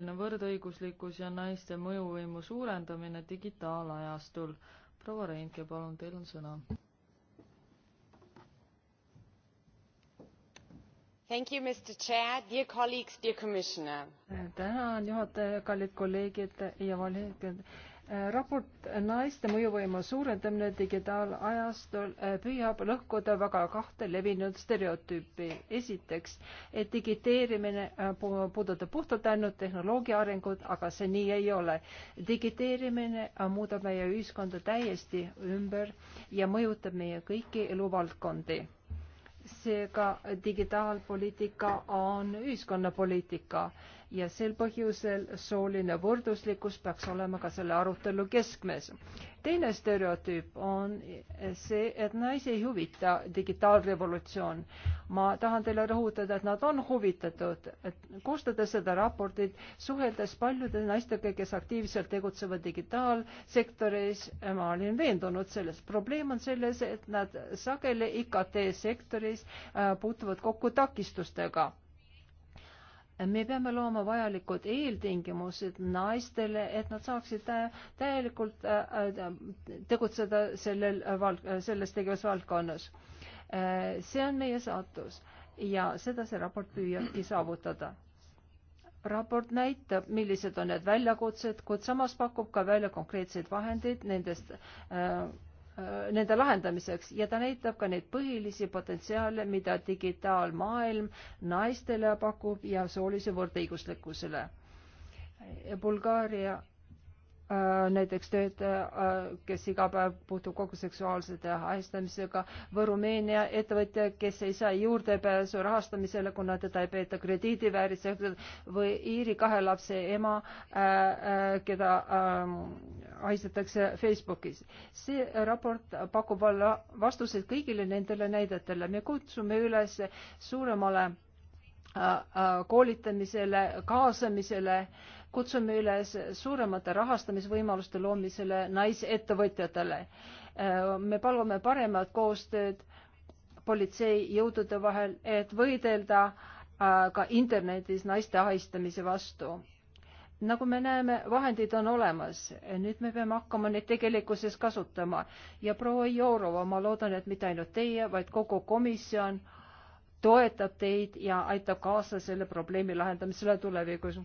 võrdõiguslikkus ja naiste mõjuvõimu suurendamine digitaalajastul. proua Reinke, palun, teil on sõna. Thank you, Mr Chair, dear colleagues, dear commissioner. tänan juhataja, kallid kolleegid ja kolleegid raport Naiste mõjuvõimu suurendamine digitaalajastul eh, püüab lõhkuda väga kahte levinud stereotüüpi. esiteks, et digiteerimine eh, puudutab puhtalt ainult tehnoloogia arengut, aga see nii ei ole. digiteerimine eh, muudab meie ühiskonda täiesti ümber ja mõjutab meie kõiki eluvaldkondi seega digitaalpoliitika on ühiskonnapoliitika ja sel põhjusel sooline võrduslikkus peaks olema ka selle arutelu keskmes. teine stereotüüp on see, et naisi ei huvita digitaalrevolutsioon. ma tahan teile rõhutada, et nad on huvitatud, et koostades seda raportit, suheldes paljude naistega, kes aktiivselt tegutsevad digitaalsektoris, ma olin veendunud selles. probleem on selles, et nad sageli IKT sektoris Äh, puutuvad kokku takistustega me peame looma vajalikud eeltingimused naistele, et nad saaksid täielikult äh, äh, tegutseda sellel, selles tegevusvaldkonnas. see on meie saatus ja seda see raport püüabki saavutada. raport näitab, millised on need väljakutsed, kuid samas pakub ka välja konkreetseid vahendeid nendest äh, Äh, nende lahendamiseks ja ta näitab ka neid põhilisi potentsiaale, mida digitaalmaailm naistele pakub ja soolise võrdõiguslikkusele. Bulgaaria Äh, näiteks töötaja, äh, kes iga päev puutub kokku seksuaalsete ahistamisega või Rumeenia ettevõtja, kes ei saa juurdepääsu rahastamisele, kuna teda ei peeta krediidivääriseks või Iiri kahe lapse ema, äh, keda ähm, ahistatakse Facebookis. see raport pakub alla vastuseid kõigile nendele näidetele. me kutsume üles suuremale koolitamisele, kaasamisele äh, kutsume üles suuremate rahastamisvõimaluste loomisele naisettevõtjatele. Äh, me palume paremat koostööd politseijõudude vahel, et võidelda äh, ka internetis naiste ahistamise vastu. nagu me näeme, vahendid on olemas, nüüd me peame hakkama neid tegelikkuses kasutama ja proua Jourova, ma loodan, et mitte ainult teie, vaid kogu komisjon toetab teid ja aitab kaasa selle probleemi lahendamisele tulevikus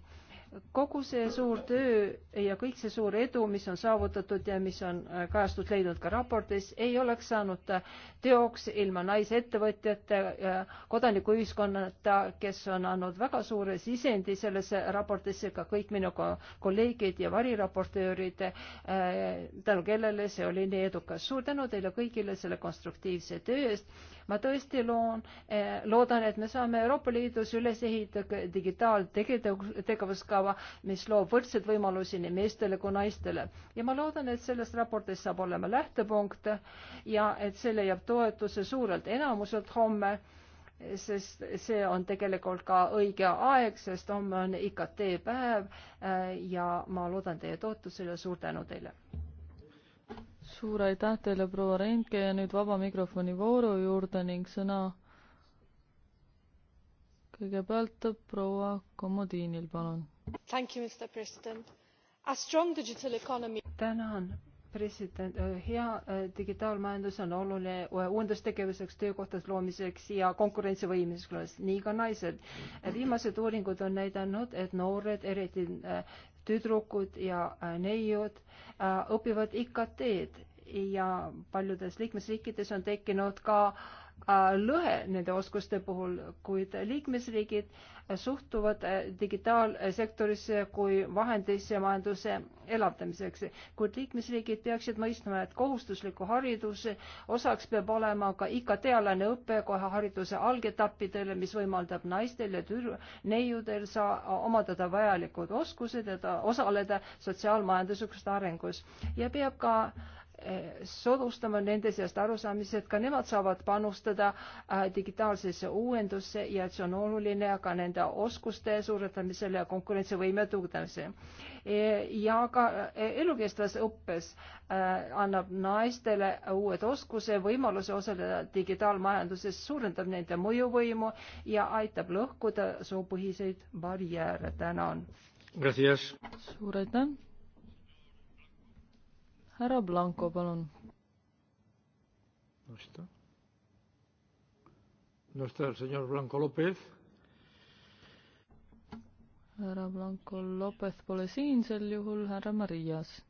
kogu see suur töö ja kõik see suur edu, mis on saavutatud ja mis on äh, kajastust leidnud ka raportis, ei oleks saanud äh, teoks ilma naisettevõtjate ja äh, kodanikuühiskonnata, kes on andnud väga suure sisendi sellesse raportisse, ka kõik minu kolleegid ja variraportöörid, tänu kellele see oli nii edukas. suur tänu teile kõigile selle konstruktiivse töö eest ma tõesti loon, eh, loodan, et me saame Euroopa Liidus üles ehitada digitaaltegevuskava, mis loob võrdseid võimalusi nii meestele kui naistele. ja ma loodan, et sellest raportist saab olema lähtepunkt ja et see leiab toetuse suurelt enamuselt homme sest see on tegelikult ka õige aeg, sest homme on IKT päev eh, ja ma loodan teie toetusele, suur tänu teile! suur aitäh teile, proua Rentke ja nüüd vaba mikrofoni vooru juurde ning sõna kõigepealt proua Komodiinil, palun. tänan, president, hea digitaalmajandus on oluline uuendustegevuseks, töökohtade loomiseks ja konkurentsivõimeliseks, nii ka naised. viimased uuringud on näidanud, et noored, eriti tüdrukud ja neiud õpivad IKT-d ja paljudes liikmesriikides on tekkinud ka lõhe nende oskuste puhul, kuid liikmesriigid suhtuvad eh, digitaalsektorisse kui vahendisse majanduse elavdamiseks, kuid liikmesriigid peaksid mõistma, et kohustusliku hariduse osaks peab olema ka IKT-alane õpe kohe hariduse algetappidele, mis võimaldab naistel ja tüdru-, neiudel saa-, omandada vajalikud oskused, et osaleda sotsiaalmajanduslikus arengus ja peab ka äh, soodustama nende seast arusaamise, et ka nemad saavad panustada äh, digitaalsesse uuendusse ja et see on oluline ka nende oskuste suurendamisele ja konkurentsivõime tugevdamisele. E, ja ka e, elukestvas õppes äh, annab naistele uued oskuse, võimaluse osaleda digitaalmajanduses, suurendab nende mõjuvõimu ja aitab lõhkuda soopõhiseid barjääre. tänan. suur aitäh härra Blanco, palun. härra Blanco Lopez pole siin, sel juhul härra Marias.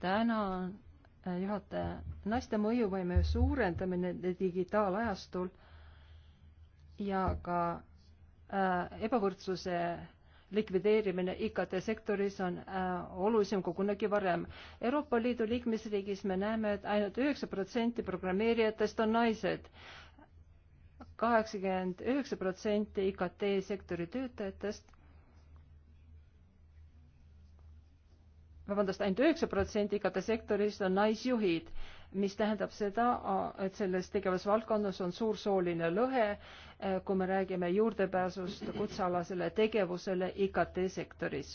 tänan, äh, juhataja. naiste mõjuvõime suurendamine digitaalajastul ja ka äh, ebavõrdsuse likvideerimine IKT sektoris on äh, olulisem kui kunagi varem. Euroopa Liidu liikmesriigis me näeme, et ainult üheksa protsenti programmeerijatest on naised. kaheksakümmend üheksa protsenti IKT sektori töötajatest vabandust ainult, ainult üheksa protsenti IKT sektoris on naisjuhid mis tähendab seda, et selles tegevusvaldkonnas on suur sooline lõhe, e, kui me räägime juurdepääsust kutsealasele tegevusele IKT sektoris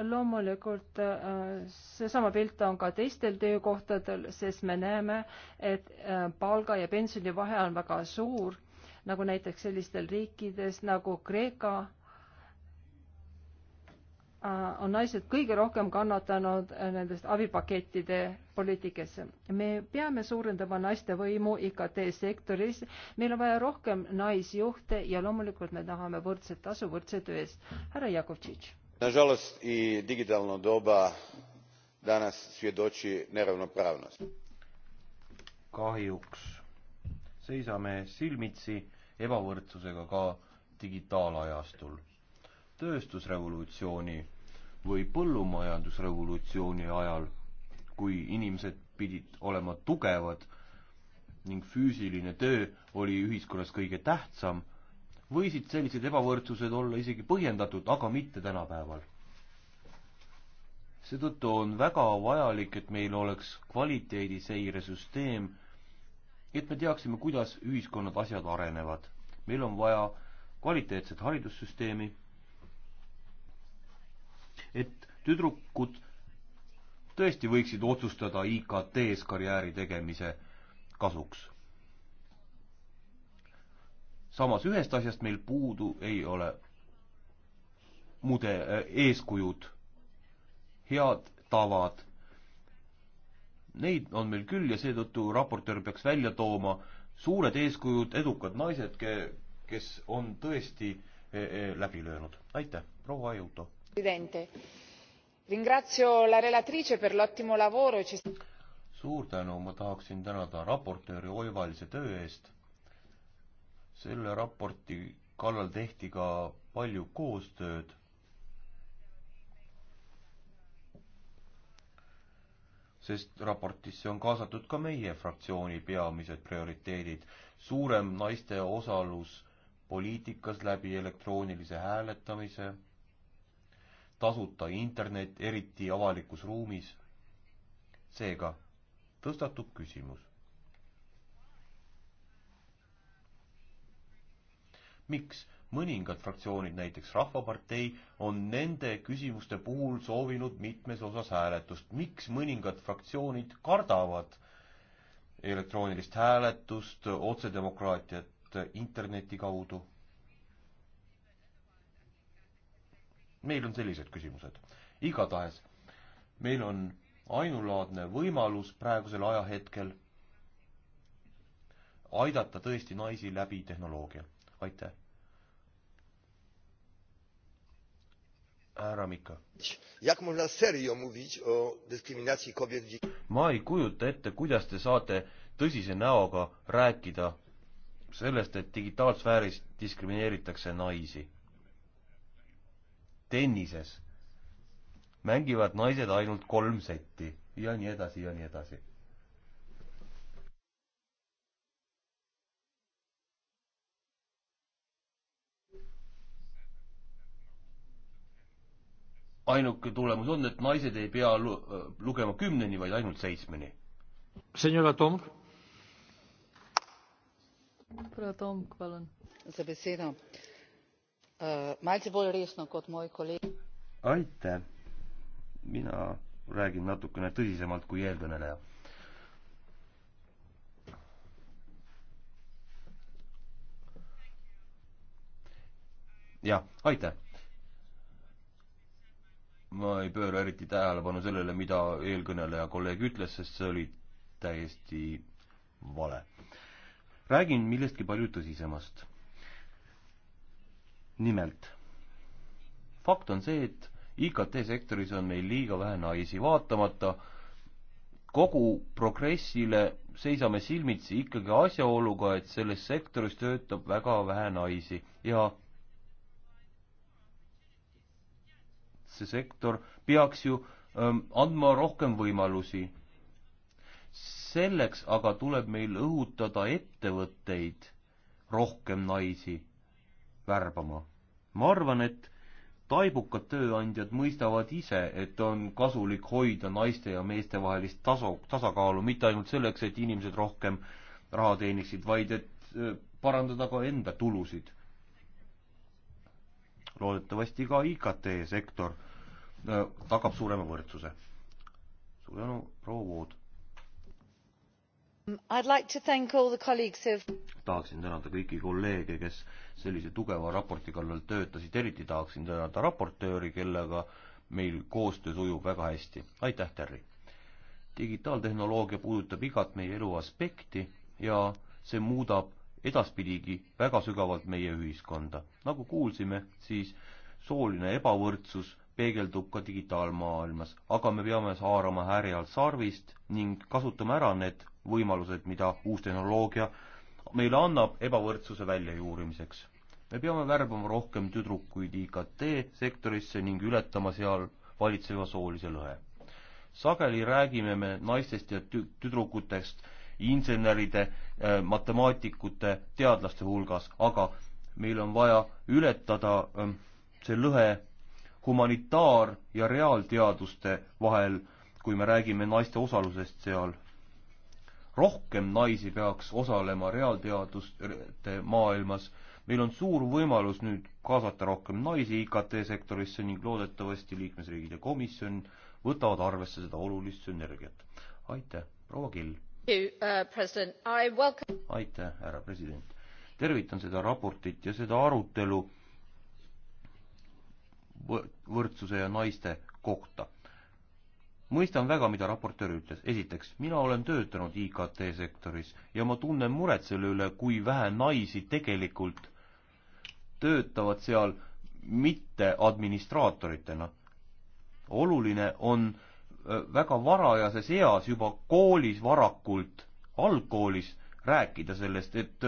loomulikult e, seesama pilt on ka teistel töökohtadel, sest me näeme, et e, palga ja pensioni vahe on väga suur, nagu näiteks sellistel riikides nagu Kreeka Äh, on naised kõige rohkem kannatanud äh, nendest abipakettide poliitikasse. me peame suurendama naiste võimu IKT sektoris, meil on vaja rohkem naisjuhte ja loomulikult me tahame võrdset tasu võrdse töö eest. härra Jakovtšitš. nažalost i digitalno doba danas svjedoči neravnopravnost. kahjuks seisame silmitsi ebavõrdsusega ka digitaalajastul tööstusrevolutsiooni või põllumajandusrevolutsiooni ajal, kui inimesed pidid olema tugevad ning füüsiline töö oli ühiskonnas kõige tähtsam, võisid sellised ebavõrdsused olla isegi põhjendatud, aga mitte tänapäeval. seetõttu on väga vajalik, et meil oleks kvaliteediseiresüsteem, et me teaksime, kuidas ühiskonnad, asjad arenevad. meil on vaja kvaliteetset haridussüsteemi et tüdrukud tõesti võiksid otsustada IKT-s karjääri tegemise kasuks. samas ühest asjast meil puudu ei ole mude-, äh, eeskujud, head tavad. Neid on meil küll ja seetõttu raportöör peaks välja tooma suured eeskujud, edukad naised, kes on tõesti äh, äh, läbi löönud. aitäh, proua Ajuto E suur tänu, ma tahaksin tänada raportööri oivalise töö eest. selle raporti kallal tehti ka palju koostööd. sest raportisse on kaasatud ka meie fraktsiooni peamised prioriteedid, suurem naiste osalus poliitikas läbi elektroonilise hääletamise tasuta internet, eriti avalikus ruumis. seega tõstatub küsimus. miks mõningad fraktsioonid, näiteks Rahvapartei, on nende küsimuste puhul soovinud mitmes osas hääletust, miks mõningad fraktsioonid kardavad elektroonilist hääletust, otsedemokraatiat interneti kaudu? meil on sellised küsimused. igatahes meil on ainulaadne võimalus praegusel ajahetkel aidata tõesti naisi läbi tehnoloogia. aitäh. härra Mika. ma ei kujuta ette, kuidas te saate tõsise näoga rääkida sellest, et digitaalsfääris diskrimineeritakse naisi tennises mängivad naised ainult kolm setti ja nii edasi ja nii edasi. ainuke tulemus on, et naised ei pea lu lugema kümneni, vaid ainult seitsmeni. senora Tomk. proua Tomk, palun. za besedo Äh, malce bolj resno kot moj kolega. aitäh, mina räägin natukene tõsisemalt kui eelkõneleja. jah, aitäh. ma ei pööra eriti tähelepanu sellele, mida eelkõneleja kolleeg ütles, sest see oli täiesti vale. räägin millestki palju tõsisemast nimelt, fakt on see, et IKT sektoris on meil liiga vähe naisi, vaatamata kogu progressile seisame silmitsi ikkagi asjaoluga, et selles sektoris töötab väga vähe naisi ja see sektor peaks ju ähm, andma rohkem võimalusi. selleks aga tuleb meil õhutada ettevõtteid rohkem naisi värbama ma arvan, et taibukad tööandjad mõistavad ise, et on kasulik hoida naiste ja meeste vahelist tasu, tasakaalu, mitte ainult selleks, et inimesed rohkem raha teeniksid, vaid et e, parandada ka enda tulusid. loodetavasti ka IKT sektor e, tagab suurema võrdsuse. suur tänu, proua Vood! I'd like to thank all the colleagues who have tahaksin tänada kõiki kolleege, kes sellise tugeva raporti kallal töötasid, eriti tahaksin tänada raportööri, kellega meil koostöö sujub väga hästi. aitäh, Terri! digitaaltehnoloogia puudutab igat meie elu aspekti ja see muudab edaspidigi väga sügavalt meie ühiskonda. nagu kuulsime, siis sooline ebavõrdsus peegeldub ka digitaalmaailmas, aga me peame haarama härjal sarvist ning kasutama ära need võimalused, mida uus tehnoloogia meile annab ebavõrdsuse väljajuurimiseks. me peame värbama rohkem tüdrukuid IKT-sektorisse ning ületama seal valitseva soolise lõhe. sageli räägime me naistest ja tü-, tüdrukutest inseneride, äh, matemaatikute, teadlaste hulgas, aga meil on vaja ületada ähm, see lõhe humanitaar- ja reaalteaduste vahel, kui me räägime naiste osalusest seal rohkem naisi peaks osalema reaalteaduste maailmas. meil on suur võimalus nüüd kaasata rohkem naisi IKT sektorisse ning loodetavasti liikmesriigid ja komisjon võtavad arvesse seda olulist sünergiat. aitäh, proua Kill! Uh, aitäh, härra president! tervitan seda raportit ja seda arutelu võrdsuse ja naiste kohta mõistan väga, mida raportöör ütles. esiteks, mina olen töötanud IKT sektoris ja ma tunnen muret selle üle, kui vähe naisi tegelikult töötavad seal mitte administraatoritena. oluline on väga varajases eas, juba koolis varakult, algkoolis rääkida sellest, et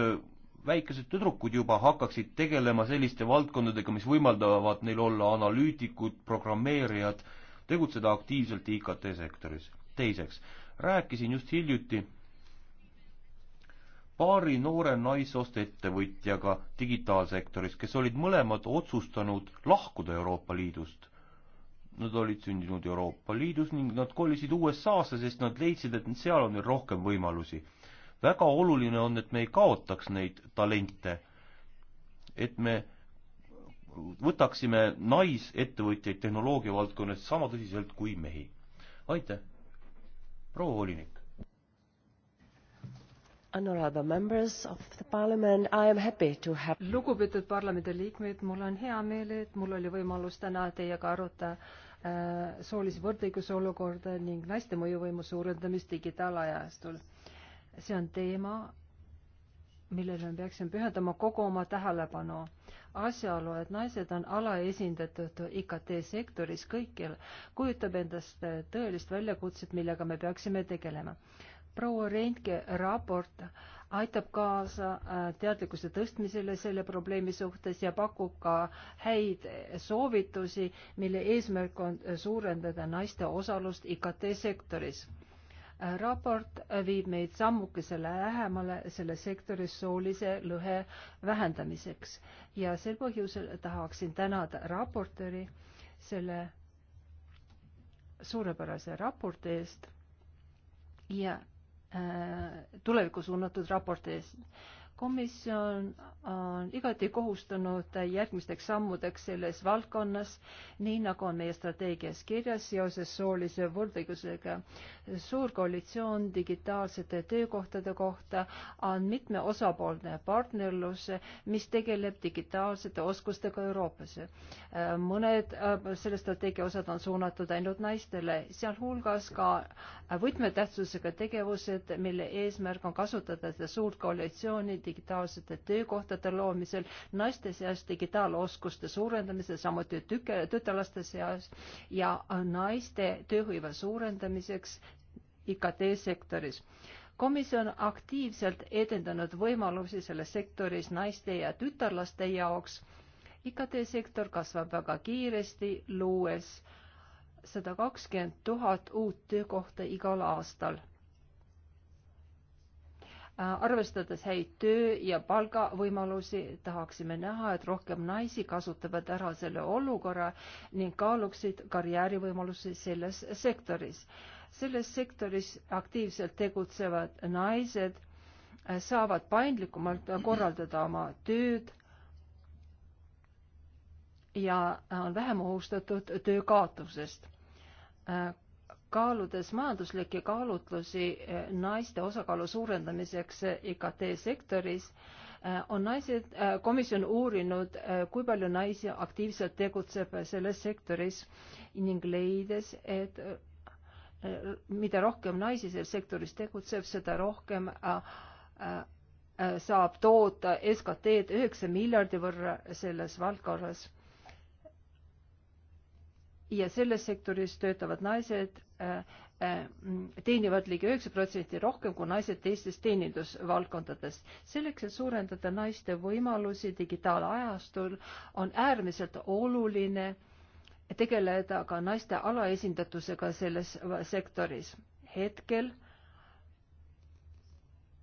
väikesed tüdrukud juba hakkaksid tegelema selliste valdkondadega, mis võimaldavad neil olla analüütikud, programmeerijad tegutseda aktiivselt IKT sektoris. teiseks, rääkisin just hiljuti paari noore naisostettevõtjaga digitaalsektoris, kes olid mõlemad otsustanud lahkuda Euroopa Liidust. Nad olid sündinud Euroopa Liidus ning nad kolisid USA-sse, sest nad leidsid, et seal on neil rohkem võimalusi. väga oluline on, et me ei kaotaks neid talente, et me võtaksime naisettevõtjaid tehnoloogia valdkonnas sama tõsiselt kui mehi. aitäh, proua volinik. Have... lugupeetud parlamendiliikmed, mul on hea meel, et mul oli võimalus täna teiega arutada äh, soolise võrdõiguse olukorda ning naiste mõjuvõimu suurendamist digitaalajastul. see on teema, millele me peaksime pühendama kogu oma tähelepanu. asjaolu, et naised on alaesindatud IKT sektoris kõikjal, kujutab endast tõelist väljakutset, millega me peaksime tegelema. proua Reintke raport aitab kaasa äh, teadlikkuse tõstmisele selle probleemi suhtes ja pakub ka häid soovitusi, mille eesmärk on suurendada naiste osalust IKT sektoris raport viib meid sammukesele lähemale selle sektori soolise lõhe vähendamiseks ja sel põhjusel tahaksin tänada raportööri selle suurepärase raporti eest ja äh, tulevikku suunatud raporti eest komisjon on igati kohustunud järgmisteks sammudeks selles valdkonnas, nii nagu on meie strateegias kirjas seoses soolise võrdõigusega. suur koalitsioon digitaalsete töökohtade kohta on mitme osapoolne partnerlus, mis tegeleb digitaalsete oskustega Euroopas. mõned äh, selle strateegia osad on suunatud ainult naistele, sealhulgas ka võtmetähtsusega tegevused, mille eesmärk on kasutada seda suurt koalitsiooni digitaalsete töökohtade loomisel, naiste seas digitaaloskuste suurendamisel, samuti tüke, tütarlaste seas ja naiste tööhõive suurendamiseks IKT sektoris komisjon aktiivselt edendanud võimalusi selles sektoris naiste ja tütarlaste jaoks. IKT sektor kasvab väga kiiresti, luues sada kakskümmend tuhat uut töökohta igal aastal Äh, arvestades häid töö ja palgavõimalusi, tahaksime näha, et rohkem naisi kasutavad ära selle olukorra ning kaaluksid karjäärivõimalusi selles sektoris. selles sektoris aktiivselt tegutsevad naised äh, saavad paindlikumalt korraldada oma tööd ja äh, on vähem ohustatud töö kaotusest kaaludes majanduslikke kaalutlusi eh, naiste osakaalu suurendamiseks eh, IKT sektoris, eh, on naised, komisjon uurinud, kui palju naisi aktiivselt tegutseb selles sektoris ning leides, et mida rohkem naisi selles sektoris tegutseb, seda rohkem saab toota SKT-d üheksa miljardi võrra selles valdkonnas ja selles sektoris töötavad naised äh, äh, teenivad ligi üheksa protsenti rohkem kui naised teistes teenindusvaldkondades. selleks, et suurendada naiste võimalusi digitaalajastul, on äärmiselt oluline tegeleda ka naiste alaesindatusega selles sektoris. hetkel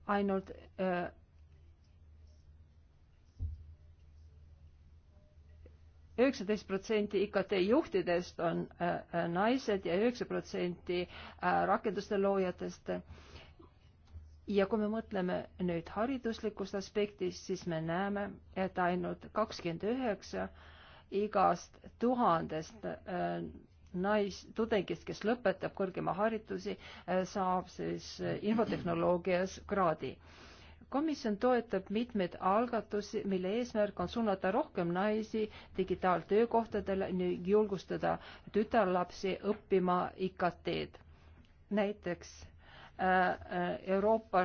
ainult äh, üheksateist protsenti IKT juhtidest on äh, äh, naised ja üheksa protsenti äh, rakenduste loojatest. ja kui me mõtleme nüüd hariduslikust aspektist, siis me näeme, et ainult kakskümmend üheksa igast tuhandest naistudengist, kes lõpetab kõrgema haridusi, saab siis infotehnoloogias kraadi komisjon toetab mitmeid algatusi, mille eesmärk on suunata rohkem naisi digitaaltöökohtadele ning julgustada tütarlapsi õppima IKT-d. näiteks äh, äh, Euroopa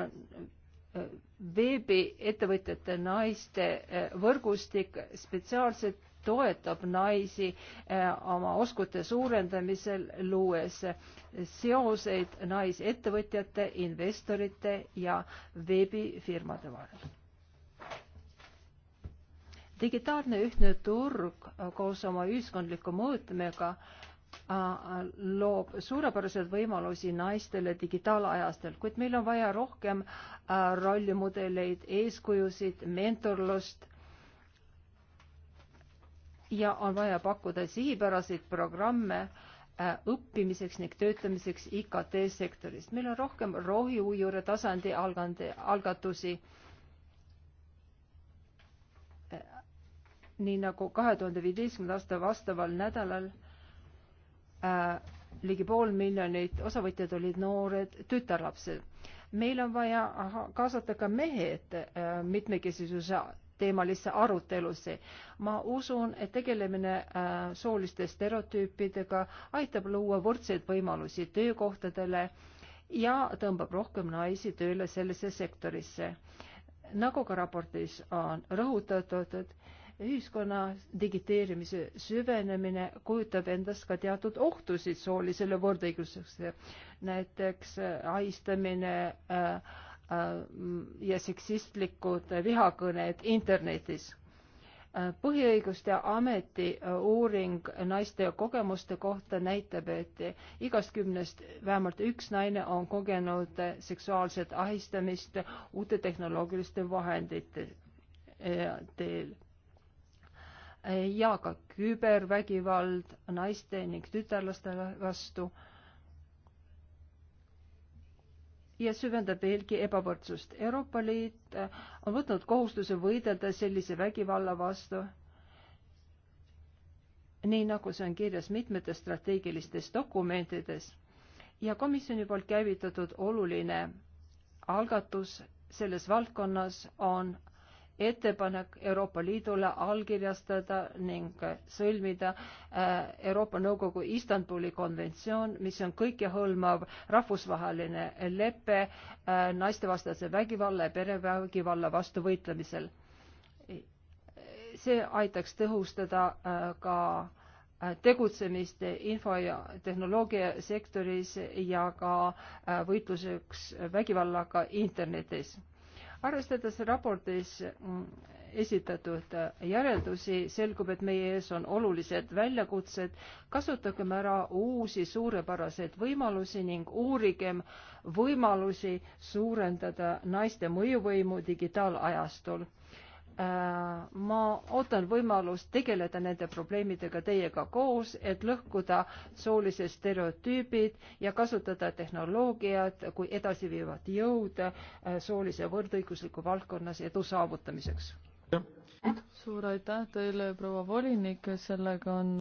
veebiettevõtjate naiste eh, võrgustik spetsiaalselt toetab naisi eh, oma oskute suurendamisel, luues seoseid naisettevõtjate, investorite ja veebifirmade vahel digitaalne ühtne turg koos oma ühiskondliku mõõtmega Äh, loob suurepäraseid võimalusi naistele digitaalajastel, kuid meil on vaja rohkem äh, rollimudeleid, eeskujusid, mentorlust ja on vaja pakkuda sihipäraseid programme äh, õppimiseks ning töötamiseks IKT sektoris. meil on rohkem rohiujuure tasandi algande, algatusi nii nagu kahe tuhande viieteistkümnenda aasta vastaval nädalal Äh, ligi pool miljonit osavõtjad olid noored tütarlapsed. meil on vaja kaasata ka mehed äh, mitmekesisuse teemalisse arutelusse. ma usun, et tegelemine äh, sooliste stereotüüpidega aitab luua võrdseid võimalusi töökohtadele ja tõmbab rohkem naisi tööle sellesse sektorisse. nagu ka raportis on rõhutatud, et ühiskonna digiteerimise süvenemine kujutab endast ka teatud ohtusid soolisele võrdõiguslusele, näiteks äh, ahistamine äh, äh, ja seksistlikud vihakõned internetis. põhiõiguste ameti uuring naiste kogemuste kohta näitab, et igast kümnest vähemalt üks naine on kogenud seksuaalset ahistamist uute tehnoloogiliste vahendite teel ja ka kübervägivald naiste ning tütarlaste vastu ja süvendab veelgi ebavõrdsust. Euroopa Liit äh, on võtnud kohustuse võidelda sellise vägivalla vastu nii nagu see on kirjas mitmetes strateegilistes dokumentides ja komisjoni poolt käivitatud oluline algatus selles valdkonnas on ettepanek Euroopa Liidule allkirjastada ning sõlmida äh, Euroopa Nõukogu Istanbuli konventsioon, mis on kõikehõlmav rahvusvaheline lepe äh, naistevastase vägivalla ja perevägivalla vastu võitlemisel. see aitaks tõhustada äh, ka tegutsemist info- ja tehnoloogiasektoris ja ka võitluseks vägivallaga internetis arvestades raportis mm, esitatud äh, järeldusi, selgub, et meie ees on olulised väljakutsed, kasutagem ära uusi suurepäraseid võimalusi ning uurigem võimalusi suurendada naiste mõjuvõimu digitaalajastul Äh, ma ootan võimalust tegeleda nende probleemidega teiega koos, et lõhkuda soolised stereotüübid ja kasutada tehnoloogiat kui edasiviivat jõuda äh, soolise võrdõigusliku valdkonnas edu saavutamiseks. suur aitäh teile, proua volinik, sellega on